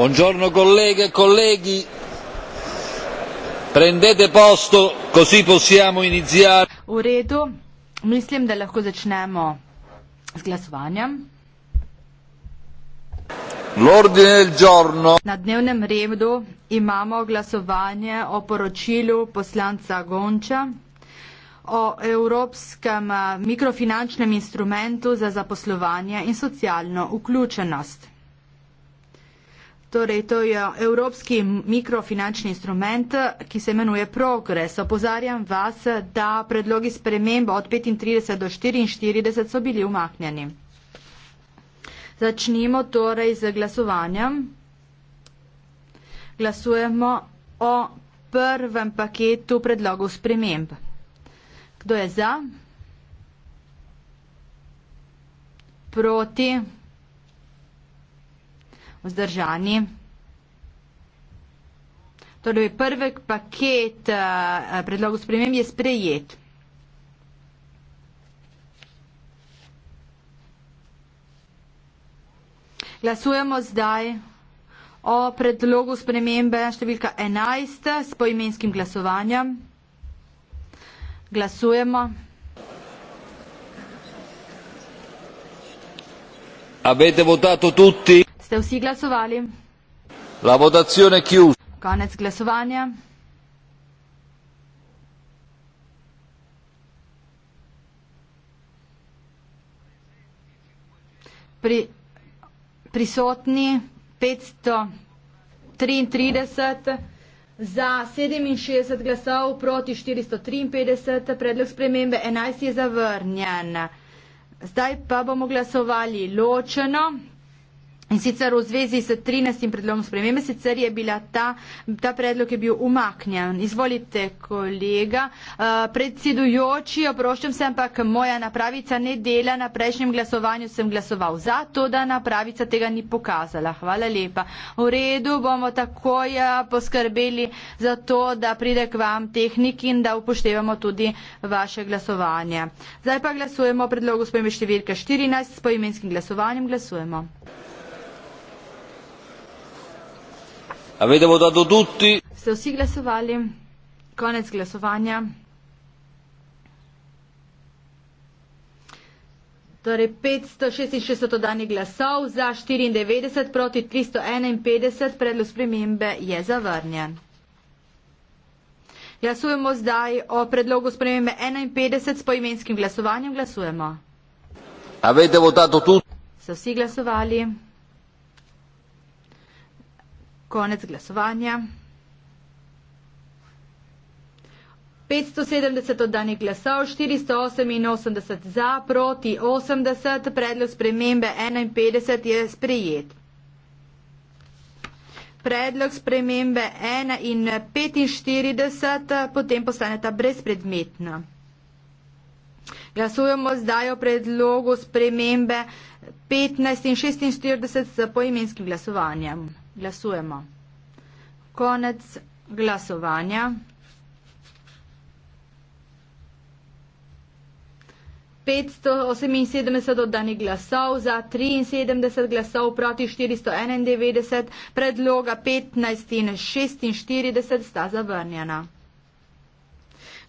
Buongiorno colleghe e colleghi, prendete posto così possiamo iniziare. V redu, mislim, da lahko začnemo z glasovanjem. L'ordine del giorno. Na dnevnem redu imamo glasovanje o poročilu poslanca Gonča o evropskem eh, mikrofinančnem instrumentu za zaposlovanje in socialno vključenost. Torej, to je evropski mikrofinančni instrument, ki se imenuje Progres. Opozarjam vas, da predlogi sprememba od 35 do 44 so bili umaknjeni. Začnimo torej z glasovanjem. Glasujemo o prvem paketu predlogov sprememb. Kdo je za? Proti? vzdržani. Torej, prvi paket eh, predlogov sprememb je sprejet. Glasujemo zdaj o predlogu spremembe številka 11 s poimenskim glasovanjem. Glasujemo. Avete votato tutti? Ste vsi glasovali? La votazione chius. Konec glasovanja. Pri, prisotni 533 za 67 glasov proti 453, predlog spremembe 11 je zavrnjen. Zdaj pa bomo glasovali ločeno. In sicer v zvezi s 13. predlogom spremembe, sicer je bila ta, ta predlog je bil umaknjen. Izvolite, kolega, uh, predsedujoči, oproščam se, ampak moja napravica ne dela, na prejšnjem glasovanju sem glasoval za to, da napravica tega ni pokazala. Hvala lepa. V redu bomo takoj eh, poskrbeli za to, da pride k vam tehnik in da upoštevamo tudi vaše glasovanje. Zdaj pa glasujemo o predlogu spremembe številka 14 s poimenskim glasovanjem. Glasujemo. Avete votato tutti? Ste vsi glasovali? Konec glasovanja. Torej 566 dodanih glasov za 94 proti 351 predlog spremembe je zavrnjen. Glasujemo zdaj o predlogu spremembe 51 s poimenskim glasovanjem. Glasujemo. Avete votato tutti? So vsi glasovali? Konec glasovanja. 570 oddanih glasov, 488 za, proti 80, predlog spremembe 51 je sprejet. Predlog spremembe 1 in 45 potem postane ta brezpredmetna. Glasujemo zdaj o predlogu spremembe 15 in 46 s poimenskim glasovanjem glasujemo. Konec glasovanja. 578 oddani glasov, za 73 glasov proti 491, predloga 15 in 46 sta zavrnjena.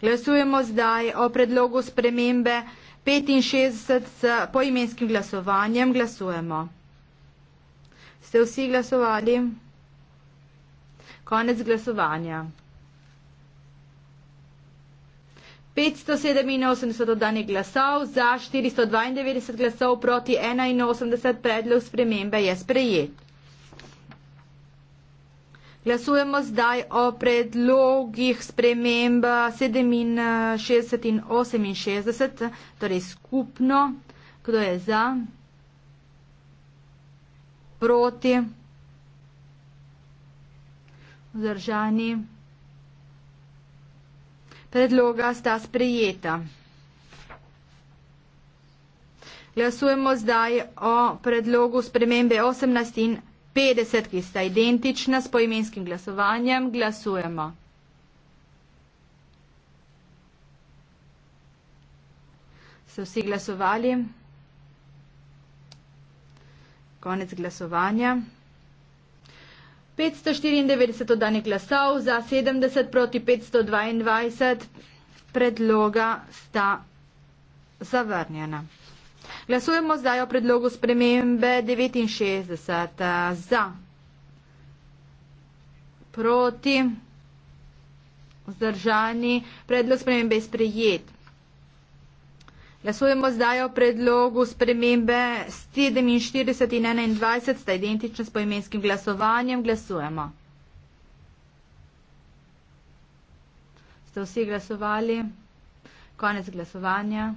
Glasujemo zdaj o predlogu spremembe 65 s poimenskim glasovanjem. Glasujemo. Ste vsi glasovali? Konec glasovanja. 587 dodanih glasov za 492 glasov proti 81 predlog spremembe je sprejet. Glasujemo zdaj o predlogih sprememb 67 in 68, torej skupno. Kdo je za? proti, vzdržani. Predloga sta sprejeta. Glasujemo zdaj o predlogu spremembe 18 in 50, ki sta identična s poimenskim glasovanjem. Glasujemo. Ste vsi glasovali? Konec glasovanja. 594 oddanih glasov za 70 proti 522 predloga sta zavrnjena. Glasujemo zdaj o predlogu spremembe 69 za proti vzdržani predlog spremembe je sprejet. Glasujemo zdaj o predlogu spremembe 47 in 21, sta identična s poimenskim glasovanjem. Glasujemo. Ste vsi glasovali? Konec glasovanja.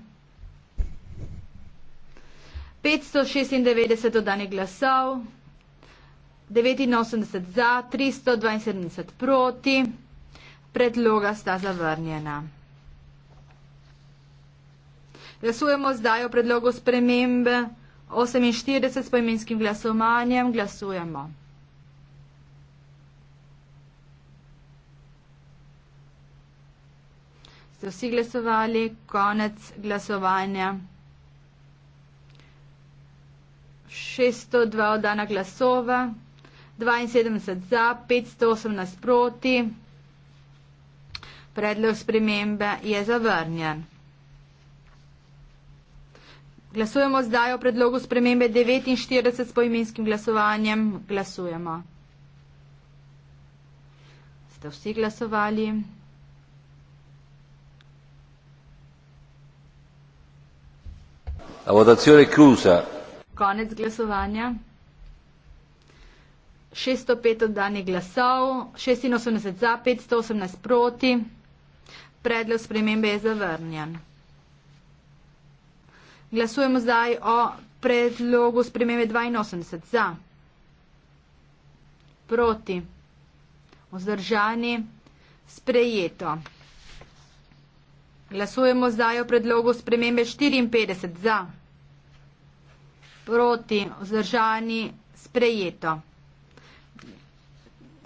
596 dodanih glasov, 89 za, 372 proti. Predloga sta zavrnjena. Glasujemo zdaj o predlogu spremembe 48 s poimenskim glasovanjem. Glasujemo. Ste vsi glasovali? Konec glasovanja. 602 oddana glasova, 72 za, 508 nasproti. Predlog spremembe je zavrnjen. Glasujemo zdaj o predlogu spremembe 49 s poimenskim glasovanjem. Glasujemo. Ste vsi glasovali? La votazione è chiusa. Konec glasovanja. 605 oddanih glasov, 86 za, 518 proti. Predlog spremembe je zavrnjen. Glasujemo zdaj o predlogu spremembe 82 za. Proti. Ozdržani. Sprejeto. Glasujemo zdaj o predlogu spremembe 54 za. Proti. Ozdržani. Sprejeto.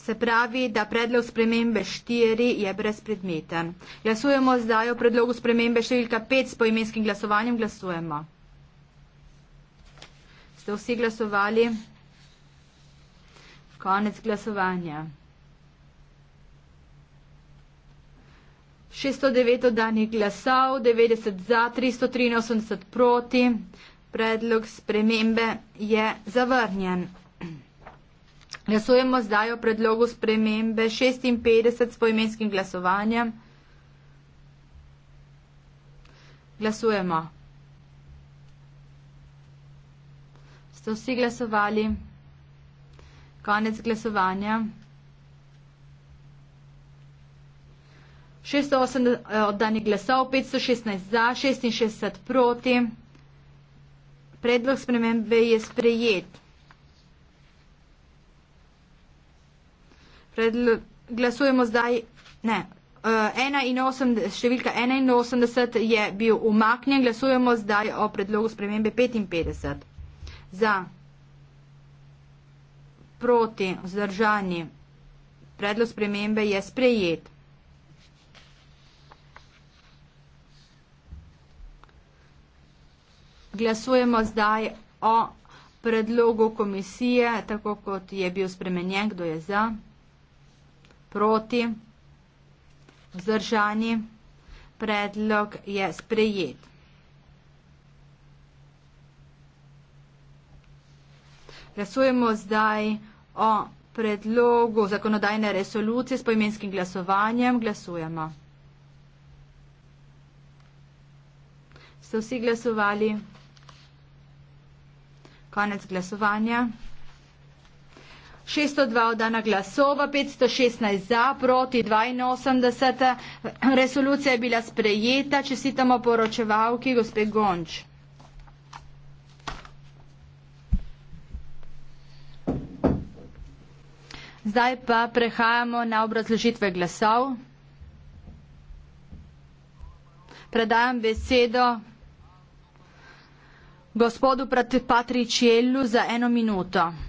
Se pravi, da predlog spremembe 4 je brezpredmeten. Glasujemo zdaj o predlogu spremembe številka 5 s poimenskim glasovanjem. Glasujemo. Ste vsi glasovali? Konec glasovanja. 609 oddanih glasov, 90 za, 383 proti. Predlog spremembe je zavrnjen. Glasujemo zdaj o predlogu spremembe 56 s poimenskim glasovanjem. Glasujemo. Ste vsi glasovali? Konec glasovanja. 608 eh, oddanih glasov, 516 za, 66 proti. Predlog spremembe je sprejet. glasujemo zdaj. Ne. 81, eh, številka 81 je bil umaknjen, glasujemo zdaj o predlogu spremembe 55. Za proti zdržani predlog spremembe je sprejet. Glasujemo zdaj o predlogu komisije, tako kot je bil spremenjen, kdo je za proti vzdržani. Predlog je sprejet. Glasujemo zdaj o predlogu zakonodajne resolucije s poimenskim glasovanjem. Glasujemo. Ste vsi glasovali? Konec glasovanja. 602 oddana glasova, 516 za, proti 82. Resolucija je bila sprejeta. Čestitamo poročevalki, gospe Gonč. Zdaj pa prehajamo na obrazložitve glasov. Predajam besedo gospodu Patričelu za eno minuto.